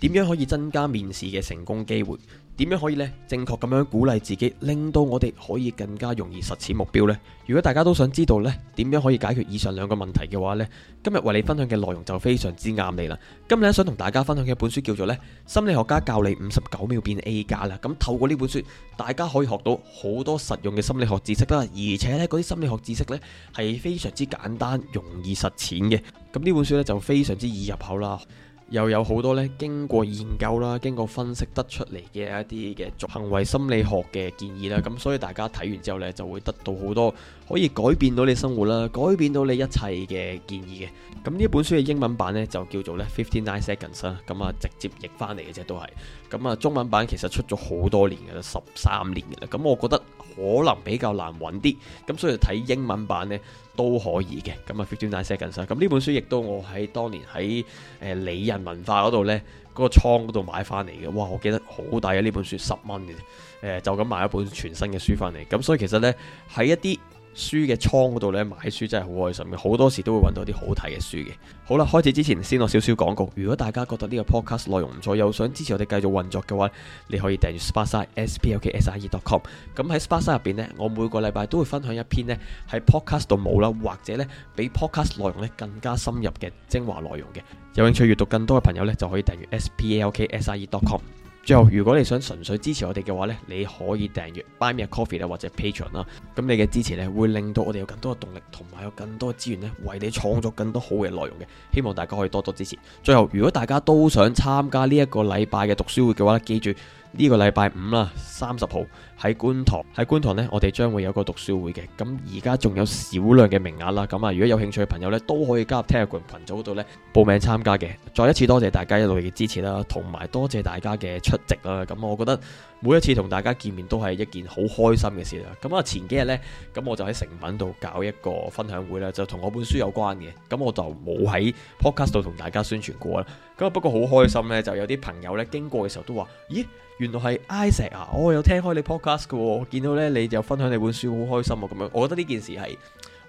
點樣可以增加面試嘅成功機會？點樣可以呢？正確咁樣鼓勵自己，令到我哋可以更加容易實踐目標呢？如果大家都想知道呢點樣可以解決以上兩個問題嘅話呢，今日為你分享嘅內容就非常之啱你啦！今日想同大家分享嘅一本書叫做呢心理學家教你五十九秒變 A+ 啦！咁透過呢本書，大家可以學到好多實用嘅心理學知識啦，而且呢，嗰啲心理學知識呢係非常之簡單、容易實踐嘅。咁呢本書呢，就非常之易入口啦。又有好多咧，經過研究啦，經過分析得出嚟嘅一啲嘅行為心理學嘅建議啦，咁所以大家睇完之後呢，就會得到好多可以改變到你生活啦，改變到你一切嘅建議嘅。咁呢本書嘅英文版呢，就叫做呢、嗯《Fifty Nine Seconds》啦。咁啊直接譯翻嚟嘅啫，都係。咁、嗯、啊中文版其實出咗好多年嘅啦，十三年嘅啦，咁、嗯、我覺得。可能比較難揾啲，咁所以睇英文版呢都可以嘅。咁啊《Between Nations》咁呢本書亦都我喺當年喺誒、呃、理人文化嗰度呢嗰個倉嗰度買翻嚟嘅。哇！我記得好抵嘅呢本書十蚊嘅，誒、呃、就咁買一本全新嘅書翻嚟。咁所以其實呢，喺一啲。書嘅倉嗰度咧，買書真係好開心嘅，好多時都會揾到啲好睇嘅書嘅。好啦，開始之前先落少少廣告。如果大家覺得呢個 podcast 內容唔錯，又想支持我哋繼續運作嘅話，你可以訂閱 spire s p SP l k s i e dot com。咁喺 spire 入邊呢，我每個禮拜都會分享一篇呢，喺 podcast 度冇啦，或者呢，比 podcast 內容呢更加深入嘅精華內容嘅。有興趣閱讀更多嘅朋友呢，就可以訂閱 s p l k s i e dot com。最後，如果你想純粹支持我哋嘅話咧，你可以訂閱 Buy Me A Coffee 啊，或者 Patreon 啦。咁你嘅支持咧，會令到我哋有更多嘅動力，同埋有更多嘅資源咧，為你創作更多好嘅內容嘅。希望大家可以多多支持。最後，如果大家都想參加呢一個禮拜嘅讀書會嘅話咧，記住。呢個禮拜五啦，三十號喺觀塘喺觀塘呢，我哋將會有個讀書會嘅。咁而家仲有少量嘅名額啦。咁啊，如果有興趣嘅朋友呢，都可以加入 Telegram 群組度呢，報名參加嘅。再一次多謝大家一路嘅支持啦，同埋多謝大家嘅出席啦。咁我覺得每一次同大家見面都係一件好開心嘅事啦。咁啊，前幾日呢，咁我就喺成品度搞一個分享會啦，就同我本書有關嘅。咁我就冇喺 Podcast 度同大家宣傳過啦。咁不過好開心呢，就有啲朋友呢經過嘅時候都話：咦？原來係 Isaac 啊！我、哦、有聽開你 podcast 嘅、哦，見到咧你有分享你本書好開心啊、哦！咁樣，我覺得呢件事係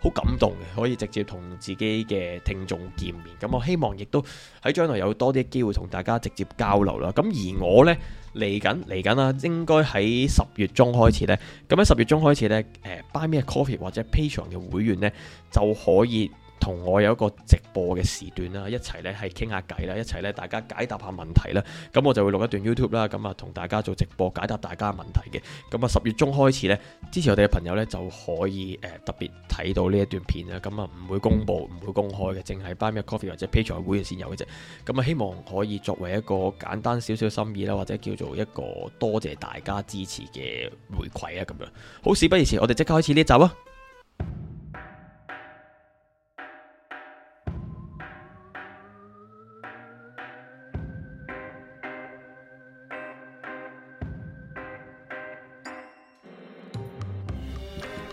好感動嘅，可以直接同自己嘅聽眾見面。咁我希望亦都喺將來有多啲機會同大家直接交流啦。咁而我呢，嚟緊嚟緊啦，應該喺十月中開始呢。咁喺十月中開始呢，誒、呃、Buy Me a Coffee 或者 Patreon 嘅會員呢，就可以。同我有一個直播嘅時段啦，一齊咧係傾下偈啦，一齊咧大家解答下問題啦。咁我就會錄一段 YouTube 啦、啊，咁啊同大家做直播解答大家問題嘅。咁啊十月中開始呢，支持我哋嘅朋友呢就可以誒、呃、特別睇到呢一段片啦。咁啊唔會公佈，唔會公開嘅，淨係 Buy Me a Coffee 或者 Patreon 會員先有嘅啫。咁啊，啊希望可以作為一個簡單少少心意啦、啊，或者叫做一個多謝，謝大家支持嘅回饋啊咁樣。好事不宜遲，我哋即刻開始呢一集啊！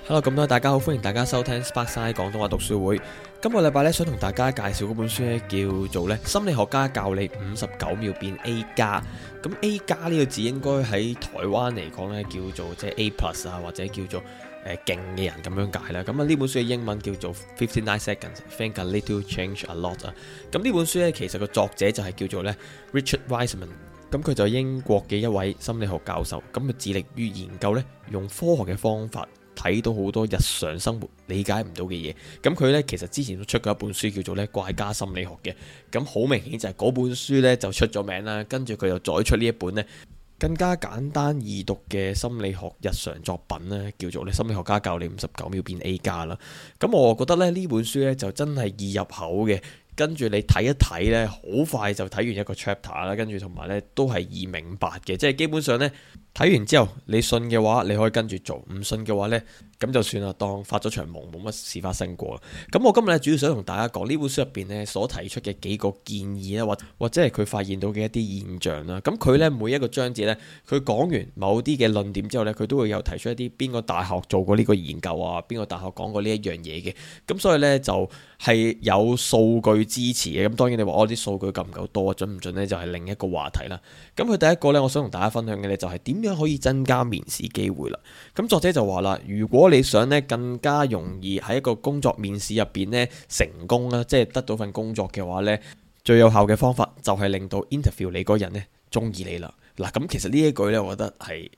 hello，咁多位大家好，歡迎大家收聽 Sparkside 廣東話讀書會。今個禮拜咧，想同大家介紹嗰本書咧，叫做咧心理學家教你五十九秒變 A 加。咁 A 加呢個字應該喺台灣嚟講咧，叫做即係 A plus 啊，或者叫做誒、呃、勁嘅人咁樣解啦。咁啊，呢本書嘅英文叫做 Fifty Nine Seconds，Think a Little，Change a Lot 啊。咁呢本書咧，其實個作者就係叫做咧 Richard Wiseman。咁佢就英國嘅一位心理學教授，咁佢致力於研究咧用科學嘅方法。睇到好多日常生活理解唔到嘅嘢，咁佢呢，其實之前都出過一本書叫做呢怪家心理學嘅，咁好明顯就係嗰本書呢，就出咗名啦，跟住佢又再出呢一本呢，更加簡單易讀嘅心理學日常作品呢，叫做呢心理學家教你五十九秒變 A 加啦，咁我覺得呢呢本書呢，就真係易入口嘅，跟住你睇一睇呢，好快就睇完一個 chapter 啦，跟住同埋呢，都係易明白嘅，即係基本上呢。睇完之後，你信嘅話，你可以跟住做；唔信嘅話呢，咁就算啦，當發咗場夢，冇乜事發生過啦。咁我今日咧，主要想同大家講呢本書入邊呢所提出嘅幾個建議啦，或或者係佢發現到嘅一啲現象啦。咁佢呢，每一個章節呢，佢講完某啲嘅論點之後呢，佢都會有提出一啲邊個大學做過呢個研究啊，邊個大學講過呢一樣嘢嘅。咁所以呢，就係有數據支持嘅。咁當然你話我啲數據夠唔夠多啊，準唔準呢？就係另一個話題啦。咁佢第一個呢，我想同大家分享嘅呢，就係點？可以增加面試機會啦。咁作者就話啦，如果你想咧更加容易喺一個工作面試入邊咧成功啦，即係得到份工作嘅話咧，最有效嘅方法就係令到 interview 你嗰人咧中意你啦。嗱，咁其實呢一句咧，我覺得係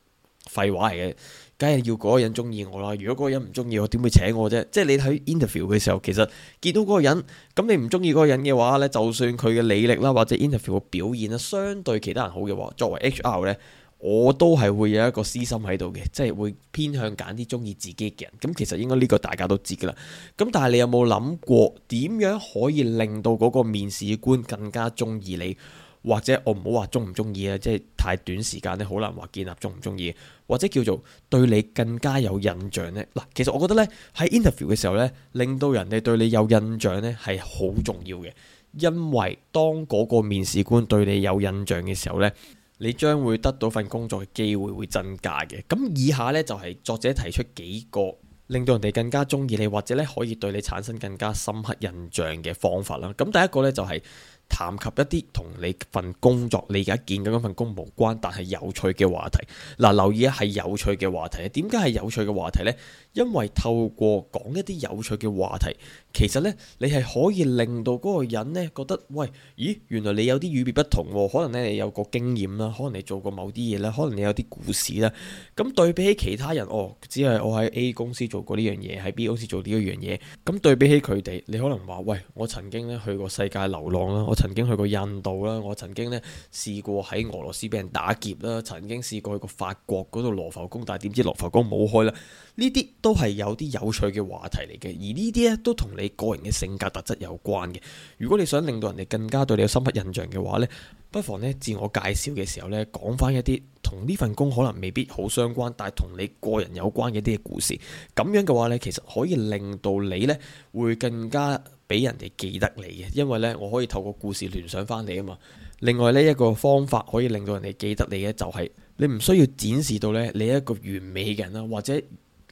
廢話嚟嘅，梗係要嗰個人中意我啦。如果嗰個人唔中意我，點會請我啫？即係你喺 interview 嘅時候，其實見到嗰個人，咁你唔中意嗰個人嘅話咧，就算佢嘅履歷啦或者 interview 嘅表現啦，相對其他人好嘅話，作為 HR 咧。我都係會有一個私心喺度嘅，即係會偏向揀啲中意自己嘅人。咁其實應該呢個大家都知噶啦。咁但係你有冇諗過點樣可以令到嗰個面試官更加中意你？或者我唔好話中唔中意啊，即係太短時間呢，好難話建立中唔中意，或者叫做對你更加有印象呢？嗱，其實我覺得呢，喺 interview 嘅時候呢，令到人哋對你有印象呢係好重要嘅，因為當嗰個面試官對你有印象嘅時候呢。你將會得到份工作嘅機會會增加嘅。咁以下呢，就係作者提出幾個令到人哋更加中意你，或者咧可以對你產生更加深刻印象嘅方法啦。咁第一個呢，就係。談及一啲同你份工作、你而家見緊嗰份工無關，但係有趣嘅話題。嗱、啊，留意下係有趣嘅話題呢。點解係有趣嘅話題呢？因為透過講一啲有趣嘅話題，其實呢，你係可以令到嗰個人呢覺得，喂，咦，原來你有啲與別不同，啊，可能呢，你有個經驗啦，可能你做過某啲嘢啦，可能你有啲故事啦。咁對比起其他人，哦，只係我喺 A 公司做過呢樣嘢，喺 B 公司做呢一樣嘢。咁對比起佢哋，你可能話，喂，我曾經呢去過世界流浪啦，曾經去過印度啦，我曾經呢試過喺俄羅斯俾人打劫啦，曾經試過去過法國嗰度羅浮宮，但係點知羅浮宮冇開啦。呢啲都係有啲有趣嘅話題嚟嘅，而呢啲咧都同你個人嘅性格特質有關嘅。如果你想令到人哋更加對你有深刻印象嘅話呢，不妨呢自我介紹嘅時候呢講返一啲同呢份工可能未必好相關，但係同你個人有關嘅一啲嘅故事。咁樣嘅話呢，其實可以令到你呢會更加，俾人哋記得你嘅，因為呢，我可以透過故事聯想翻你啊嘛。另外呢一個方法可以令到人哋記得你嘅，就係，就係你唔需要展示到呢你一個完美嘅人啦，或者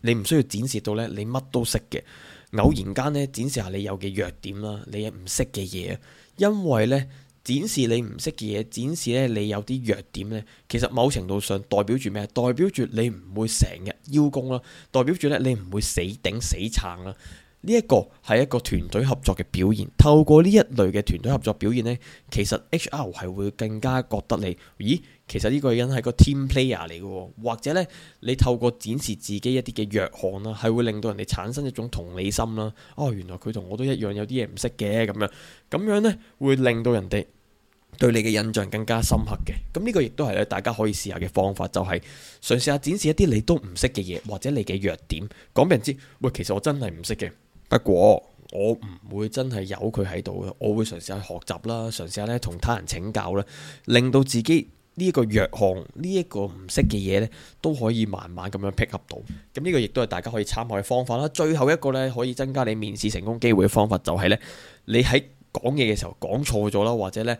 你唔需要展示到呢你乜都識嘅。偶然間呢，展示下你有嘅弱點啦，你唔識嘅嘢，因為呢，展示你唔識嘅嘢，展示呢你有啲弱點呢，其實某程度上代表住咩？代表住你唔會成日邀功啦，代表住呢你唔會死頂死撐啦。呢一個係一個團隊合作嘅表現。透過呢一類嘅團隊合作表現呢，其實 HR 係會更加覺得你，咦，其實呢個人係個 team player 嚟嘅，或者呢，你透過展示自己一啲嘅弱項啦，係會令到人哋產生一種同理心啦。哦，原來佢同我都一樣有啲嘢唔識嘅咁樣，咁樣呢，會令到人哋對你嘅印象更加深刻嘅。咁呢個亦都係大家可以試下嘅方法，就係嘗試下展示一啲你都唔識嘅嘢，或者你嘅弱點，講俾人知，喂，其實我真係唔識嘅。不過我唔會真係由佢喺度嘅，我會嘗試下學習啦，嘗試下咧同他人請教啦，令到自己呢一個弱項、呢、這、一個唔識嘅嘢，呢都可以慢慢咁樣 pick up 到。咁呢個亦都係大家可以參考嘅方法啦。最後一個呢，可以增加你面試成功機會嘅方法就係呢：你喺講嘢嘅時候講錯咗啦，或者呢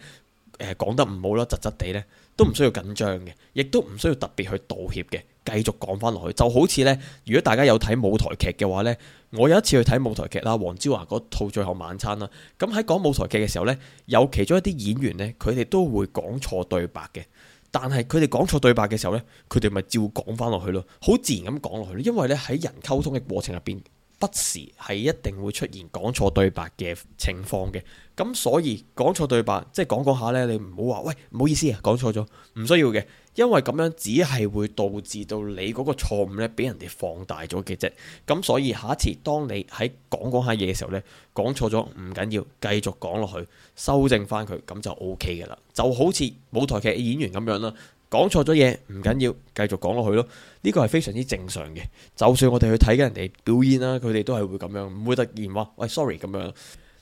誒講得唔好啦，窒窒地呢都唔需要緊張嘅，亦都唔需要特別去道歉嘅，繼續講返落去就好似呢，如果大家有睇舞台劇嘅話呢。我有一次去睇舞台劇啦，王昭華嗰套《最後晚餐》啦，咁喺講舞台劇嘅時候呢，有其中一啲演員呢，佢哋都會講錯對白嘅，但係佢哋講錯對白嘅時候呢，佢哋咪照講翻落去咯，好自然咁講落去咯，因為呢喺人溝通嘅過程入邊，不時係一定會出現講錯對白嘅情況嘅，咁所以講錯對白，即係講講下呢，你唔好話，喂，唔好意思啊，講錯咗，唔需要嘅，因為咁樣只係會導致到你嗰個錯誤呢，俾人哋放大咗嘅啫。咁所以下一次當你喺講講下嘢嘅時候呢，講錯咗唔緊要，繼續講落去，修正返佢，咁就 OK 嘅啦，就好似舞台劇演員咁樣啦。講錯咗嘢唔緊要，繼續講落去咯。呢個係非常之正常嘅。就算我哋去睇緊人哋表演啦，佢哋都係會咁樣，唔會突然話：喂，sorry 咁樣。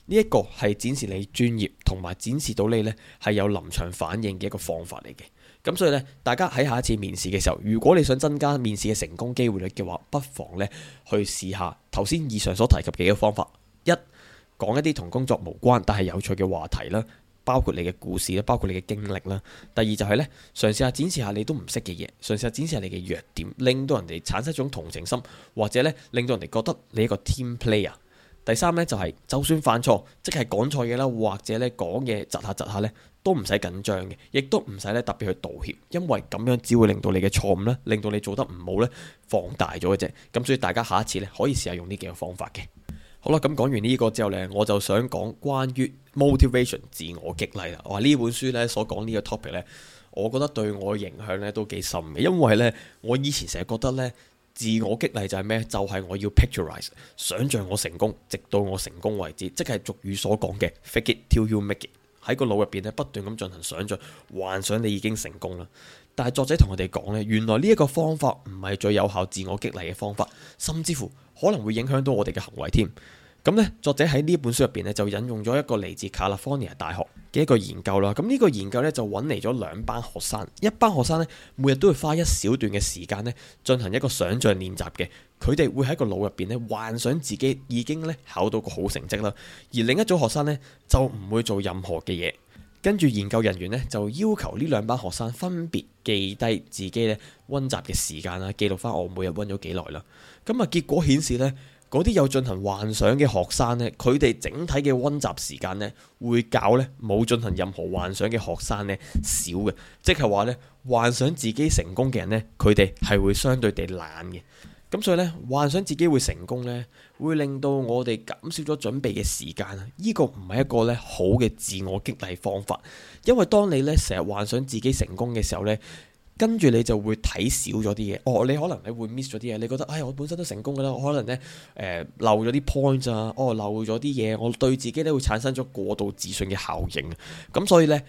呢一個係展示你專業同埋展示到你呢係有臨場反應嘅一個方法嚟嘅。咁所以呢，大家喺下一次面試嘅時候，如果你想增加面試嘅成功機會率嘅話，不妨呢去試下頭先以上所提及嘅幾個方法，一講一啲同工作無關但係有趣嘅話題啦。包括你嘅故事啦，包括你嘅經歷啦。第二就係呢，嘗試下展示下你都唔識嘅嘢，嘗試下展示下你嘅弱點，令到人哋產生一種同情心，或者呢，令到人哋覺得你一個 team player。第三呢，就係，就算犯錯，即係講錯嘢啦，或者呢講嘢窒下窒下呢，都唔使緊張嘅，亦都唔使呢特別去道歉，因為咁樣只會令到你嘅錯誤呢，令到你做得唔好呢，放大咗嘅啫。咁所以大家下一次呢，可以試下用呢幾個方法嘅。好啦，咁講完呢個之後呢，我就想講關於 motivation 自我激勵啦。哇，呢本書呢所講呢個 topic 呢，我覺得對我影響呢都幾深嘅。因為呢，我以前成日覺得呢，自我激勵就係咩？就係、是、我要 pictureize，想象我成功，直到我成功為止。即係俗語所講嘅，fake it till you make it。喺個腦入邊咧不斷咁進行想象，幻想你已經成功啦。但係作者同我哋講咧，原來呢一個方法唔係最有效自我激勵嘅方法，甚至乎可能會影響到我哋嘅行為添。咁呢，作者喺呢本書入邊呢，就引用咗一個嚟自卡拉福尼亞大學嘅一個研究啦。咁呢個研究呢，就揾嚟咗兩班學生，一班學生呢，每日都會花一小段嘅時間呢，進行一個想像練習嘅。佢哋會喺個腦入邊呢，幻想自己已經呢，考到個好成績啦。而另一組學生呢，就唔會做任何嘅嘢。跟住研究人員呢，就要求呢兩班學生分別記低自己呢温習嘅時間啦，記錄翻我每日温咗幾耐啦。咁啊，結果顯示呢。嗰啲有進行幻想嘅學生呢，佢哋整體嘅溫習時間呢，會較呢冇進行任何幻想嘅學生呢少嘅，即係話呢，幻想自己成功嘅人呢，佢哋係會相對地懶嘅。咁所以呢，幻想自己會成功呢，會令到我哋減少咗準備嘅時間啊！呢個唔係一個呢好嘅自我激勵方法，因為當你呢成日幻想自己成功嘅時候呢。跟住你就會睇少咗啲嘢，哦，你可能你會 miss 咗啲嘢，你覺得，唉、哎，我本身都成功㗎喇，我可能呢，誒、呃，漏咗啲 point 啊，哦，漏咗啲嘢，我對自己呢會產生咗過度自信嘅效應，咁、嗯、所以呢，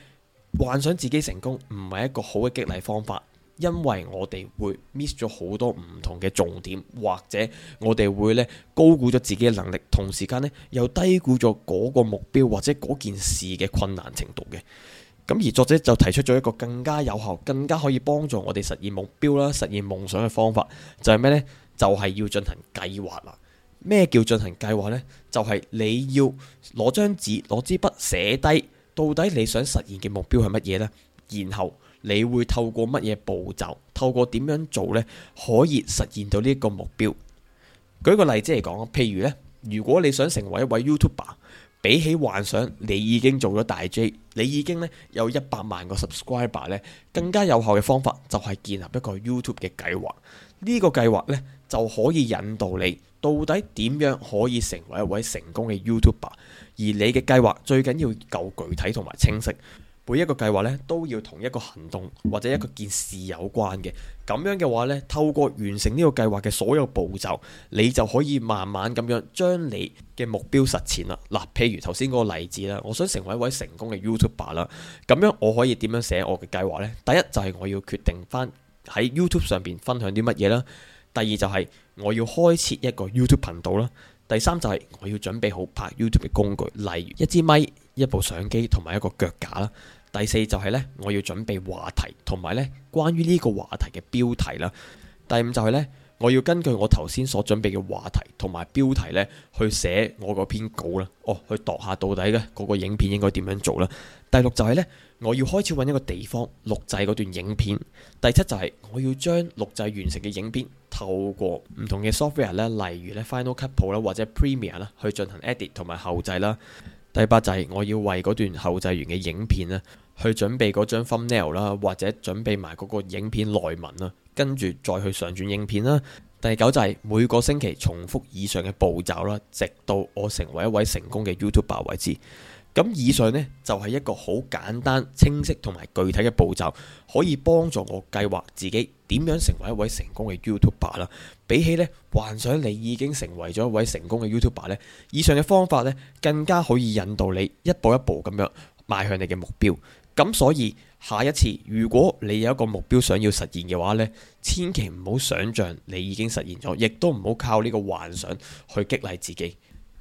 幻想自己成功唔係一個好嘅激勵方法，因為我哋會 miss 咗好多唔同嘅重點，或者我哋會呢高估咗自己嘅能力，同時間呢，又低估咗嗰個目標或者嗰件事嘅困難程度嘅。咁而作者就提出咗一個更加有效、更加可以幫助我哋實現目標啦、實現夢想嘅方法，就係咩呢？就係要進行計劃啦。咩叫進行計劃呢？就係你要攞張紙、攞支筆寫低，到底你想實現嘅目標係乜嘢呢？然後你會透過乜嘢步驟、透過點樣做呢，可以實現到呢一個目標。舉個例子嚟講，譬如呢：如果你想成為一位 YouTuber。比起幻想你已經做咗大 J，你已經咧有一百萬個 subscriber 咧，更加有效嘅方法就係建立一個 YouTube 嘅計劃。呢個計劃咧就可以引導你到底點樣可以成為一位成功嘅 YouTuber，而你嘅計劃最緊要夠具體同埋清晰。每一個計劃咧都要同一個行動或者一個件事有關嘅，咁樣嘅話咧，透過完成呢個計劃嘅所有步驟，你就可以慢慢咁樣將你嘅目標實踐啦。嗱，譬如頭先嗰個例子啦，我想成為一位成功嘅 YouTuber 啦，咁樣我可以點樣寫我嘅計劃呢？第一就係、是，我要決定翻喺 YouTube 上邊分享啲乜嘢啦，第二就係我要開設一個 YouTube 頻道啦，第三就係我要準備好拍 YouTube 嘅工具，例如一支咪。一部相機同埋一個腳架啦。第四就係呢，我要準備話題同埋呢關於呢個話題嘅標題啦。第五就係呢，我要根據我頭先所準備嘅話題同埋標題呢，去寫我嗰篇稿啦。哦，去度下到底呢，嗰個影片應該點樣做啦。第六就係呢，我要開始揾一個地方錄製嗰段影片。第七就係我要將錄製完成嘅影片透過唔同嘅 software 咧，例如呢 Final Cut Pro 啦或者 Premier 啦，去進行 edit 同埋後製啦。第八就係我要為嗰段後製完嘅影片咧，去準備嗰張 thumbnail 啦，或者準備埋嗰個影片內文啦，跟住再去上傳影片啦。第九就係每個星期重複以上嘅步驟啦，直到我成為一位成功嘅 YouTuber 為止。咁以上呢，就係一個好簡單、清晰同埋具體嘅步驟，可以幫助我計劃自己點樣成為一位成功嘅 YouTuber 啦。比起呢幻想你已經成為咗一位成功嘅 YouTuber 呢，以上嘅方法呢，更加可以引導你一步一步咁樣邁向你嘅目標。咁所以下一次，如果你有一個目標想要實現嘅話呢，千祈唔好想像你已經實現咗，亦都唔好靠呢個幻想去激勵自己。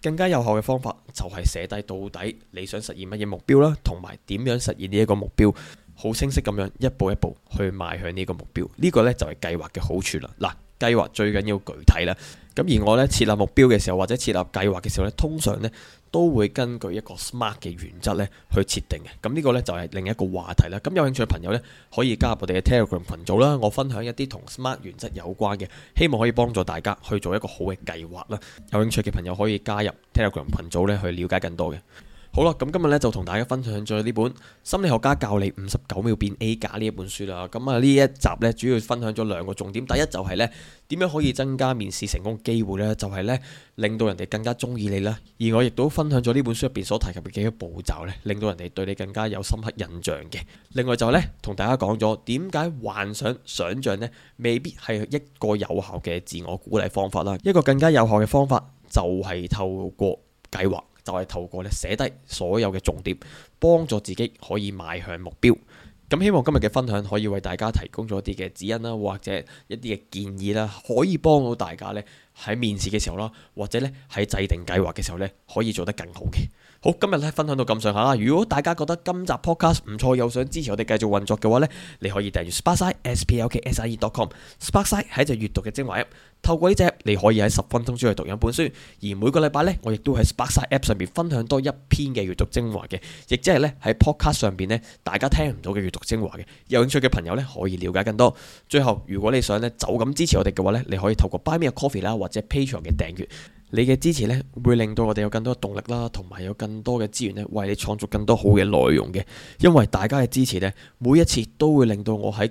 更加有效嘅方法就係寫低到底你想實現乜嘢目標啦，同埋點樣實現呢一個目標，好清晰咁樣一步一步去邁向呢個目標。呢個呢就係計劃嘅好處啦。嗱，計劃最緊要具體啦。咁而我呢，設立目標嘅時候，或者設立計劃嘅時候呢，通常呢。都會根據一個 smart 嘅原則咧去設定嘅，咁呢個咧就係另一個話題啦。咁有興趣嘅朋友咧可以加入我哋嘅 Telegram 群組啦，我分享一啲同 smart 原則有關嘅，希望可以幫助大家去做一個好嘅計劃啦。有興趣嘅朋友可以加入 Telegram 群組咧去了解更多嘅。好啦，咁今日咧就同大家分享咗呢本心理學家教你五十九秒變 A 加呢一本書啦。咁啊呢一集咧主要分享咗兩個重點，第一就係咧點樣可以增加面試成功機會咧，就係咧令到人哋更加中意你啦。而我亦都分享咗呢本書入邊所提及嘅幾個步驟咧，令到人哋對你更加有深刻印象嘅。另外就係咧同大家講咗點解幻想想象咧未必係一個有效嘅自我鼓勵方法啦。一個更加有效嘅方法就係透過計劃。就係透過咧寫低所有嘅重點，幫助自己可以邁向目標。咁希望今日嘅分享可以為大家提供咗啲嘅指引啦，或者一啲嘅建議啦，可以幫到大家咧喺面試嘅時候啦，或者咧喺制定計劃嘅時候咧，可以做得更好嘅。好，今日咧分享到咁上下啦。如果大家覺得今集 podcast 唔錯，又想支持我哋繼續運作嘅話咧，你可以訂閱 Sparksi，Sparksi.com，Sparksi 係一隻閲讀嘅精華 app。透過呢隻，你可以喺十分鐘之內讀一本書。而每個禮拜呢，我亦都喺 Spotify app 上面分享多一篇嘅閱讀精華嘅，亦即係呢，喺 podcast 上邊呢，大家聽唔到嘅閱讀精華嘅。有興趣嘅朋友呢，可以了解更多。最後，如果你想呢，就咁支持我哋嘅話呢，你可以透過 Buy Me a Coffee 啦，或者 Patreon 嘅訂閱。你嘅支持呢，會令到我哋有更多嘅動力啦，同埋有更多嘅資源呢，為你創造更多好嘅內容嘅。因為大家嘅支持呢，每一次都會令到我喺。